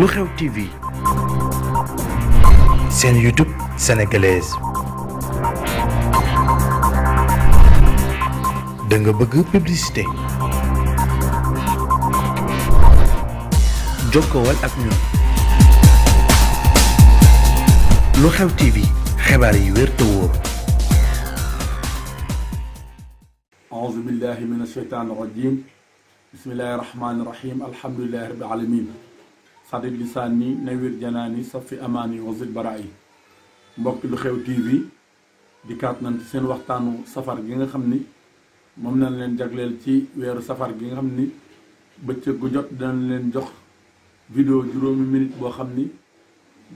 lu xew TV seen YouTube sénégalaise da nga bëgg publicité jokkowal ak ñun lu xew TV xibaar yi wér te wóor. auzu billahi min ashaytaani rajim bismillahi rahmaani rahim alhamdulillahi rabbil alamin sadid lisaani nawir janaani safi amaani wasit baraayi mbokki lu xew tv dikkaat na ci seen waxtaanu safar gi nga xam ni moom nañ leen jagleel ci weeru safar gi nga xam ni bëccëg gu jot dinañ leen jox vidéo juróomi minute boo xam ni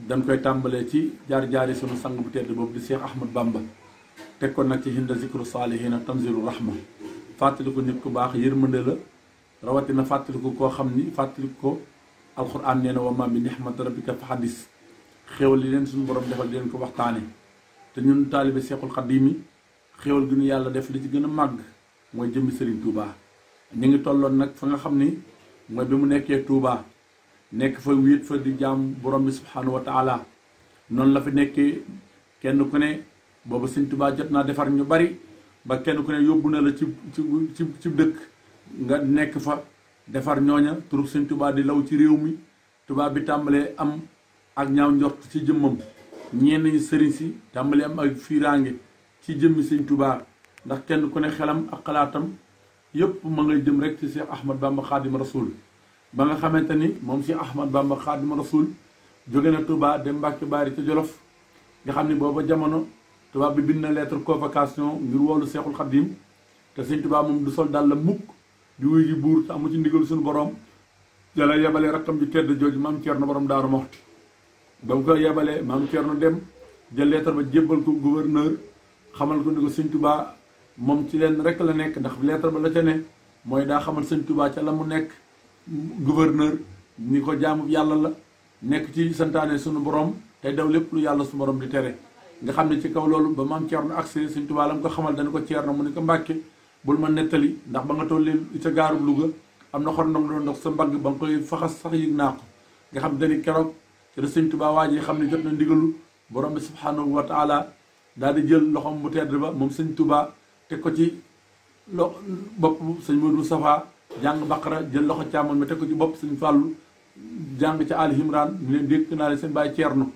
dañ koy tàmbalee ci jaar-jaari sunu sang bu tedd boobu di Cheikh Ahmad Bamba teg ko nag ci hinda zikru saalihiina tanzilu rahma fàttaliku nit ku baax yërmande la rawatina fàttaliku koo xam ni fàttaliku ko alxuraan nee na wa ma bi nixmat rabbika fa xadis xéwal li leen suñu borom defal di leen ko waxtaane te ñun taalibe seexul xadiim mi xéwal gi ñu yàlla def li ci gën a màgg mooy jëmmi Serigne Touba ñu ngi tolloon nag fa nga xam ni mooy bi mu nekkee Touba nekk fa wéet fa di jaam borom bi subxanahu wa taala noonu la fi nekkee kenn ku ne boobu Serigne Touba jot naa defar ñu bari ba kenn ku ne yóbbu na la ci ci ci dëkk nga nekk fa. defar ñooña turu Sëñ tubaa di law ci réew mi tubaab bi tàmbalee am ak ñaaw njort ci jëmmam ñenn ñi sëriñ si tàmbalee am ak fiiraange ci jëmmi Sëñ tubaa ndax kenn ku ne xelam ak xalaatam yépp ma ngay jëm rek ci Cheikh Ahmad Bamba Xaadima Rasul ba nga xamante ni moom Cheikh Ahmad Bamba Xaadima Rasul jóge na tubaa dem Mbàkke Baari ca Jolof nga xam ni booba jamono tubaab bi bind na lettre convocation ngir woolu Seexul Xadiim te Sëñ Tuubaa moom du sol daal la di wuy buur te amu ci ndigal suñu borom jala yebale rakkam ju tedd jooju maam Thierno borom Daaru Moxti ba mu ko yebalee maam Thierno dem jël leetar ba jébbal ko gouverneur xamal ko ni ko sëñ Touba moom ci leen rek la nekk ndax leetar ba la ca ne mooy daa xamal sëñ Touba ca la mu nekk gouverneur ni ko jaamu yàlla la nekk ci santaane suñu borom tey daw lépp lu yàlla suñu borom di tere nga xam ne ci kaw loolu ba maam Thierno accès sëñ Touba la mu ko xamal dana ko na mu ne ko Mbàkke bul ma nettali ndax ba nga tollee ca gaarub Louga am na xorndom doon ndox sa mbagg ba nga koy faxas sax yëg naa ko nga xam dani keroog te da waa ji xam ne jot na ndigalu borom bi subhaanahu wa taala daal di jël loxoom mu tedd ba moom sëñ Tuubaa teg ko ci lo bopp sëñ Modou Safa jàng baqara jël loxo càmmoñ ma teg ko bopp sëñ Fàllu jàng ca Ali Imran ñu leen dékk naa leen seen bàyyi no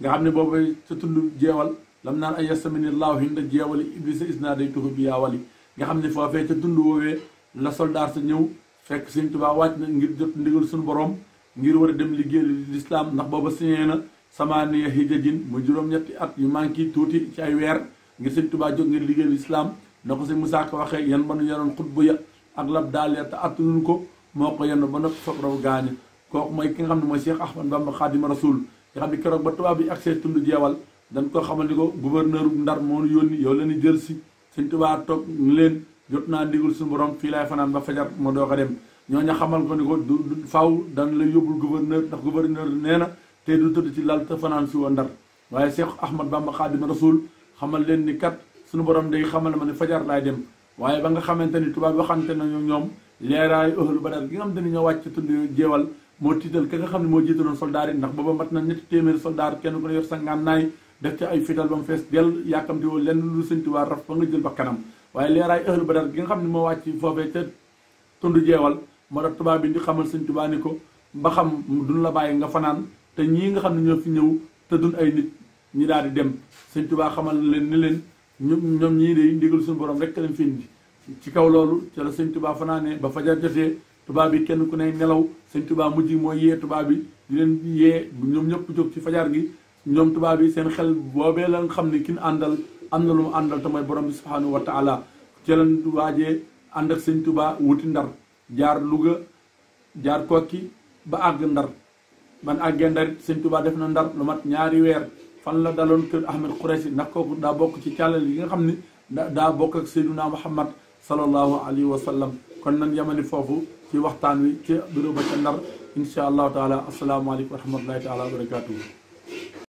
nga xam ne boobu sa tund jeewal lam naan ay yastaminillahu hinda jeewali iblisa isna day tuhu bi yaa wali nga xam ne foofee ca tund woowee la soldaar sa ñëw fekk sëñ Tuubaa wàcc na ngir jot ndigal suñu borom ngir war a dem liggéey lislaam ndax booba siñee na samaaniya hijajin mu juróom-ñetti at yu manqué tuuti ci ay weer ngir sëñ Tuubaa jóg ngir liggéey lislaam na ko sëñ Musaa ko waxee yan ba nu yoroon xutbu ya ak lab daal ya te attanuñu ko moo ko yenn ba noppi foog raw gaañe kooku mooy ki nga xam ne mooy Cheikh Ahmad Bamba Xaadimu Rasuul nga xam ne keroog ba tubaab yi agsee tund jeewal dañ ko xamal ni ko gouverneur Ndar moo nu yónni yow la jël si Sëñ Tuubaa toog ni leen jot naa ndigul suñu borom fii laay fanaan ba fajar ma doog a dem ñooñu xamal ko ni ko du du faaw daan la yóbbul gouverneur ndax gouverneur nee na te du tëdd ci lal te fanaan fi woon Ndar waaye Cheikh Ahmad Bamba Xaadimu Rasuul xamal leen ni kat suñu borom day xamal ma ne fajar laay dem waaye ba nga xamante ni tubaab waxante nañu ñoom leeraayu ahlu Badar gi nga xam te ni ñoo wàcc tund jeewal moo tiital ka nga xam ne moo jiitaloon soldaar yi ndax booba mat na ñetti téeméeri soldaar kenn ku ne yor sa ngànnaay def ci ay fital ba mu fees dell yàkkamti woo lenn lu sëñ Tuubaa raf ba nga jël ba kanam waaye leeraay ahlu badar gi nga xam ne moo wàcc foofee ca tund jeewal moo tax tubaab bi di xamal sëñ Tuubaa ko mba xam duñ la bàyyi nga fanaan te ñii nga xam ne ñoo fi ñëw te duñ ay nit ñi daal di dem sëñ tubaa xamal leen ni leen ñoom ñoom ñii de ndigal suñu borom rek lañ fi indi ci kaw loolu ca la sëñ Tuubaa fanaane ba fajar jotee tubaab bi kenn ku ne nelaw sëñ Tuubaa mujj mooy yee tubaab bi di leen yee ñoom ñëpp jóg ci fajar gi ñoom tubaab yi seen xel boobee la nga xam ni kin àndal am na lu mu àndal te mooy borom bi subhaanahu wa taala jëlan waajee ànd ak sëñ tubaa wuti ndar jaar Louga jaar kokki ba àgg ndar ban àggee ndar sëñ tubaa def na ndar lu mat ñaari weer fan la daloon kër Ahmed Khoureyssi ndax kooku daa bokk ci càllal yi nga xam ne daa bokk ak Seyduna Muhammad sallallahu alayhi wa sallam kon nan yemani foofu ci waxtaan wi ci bureau ba ca ndar incha allahu taala asalaamaaleykum wa rahmatullahi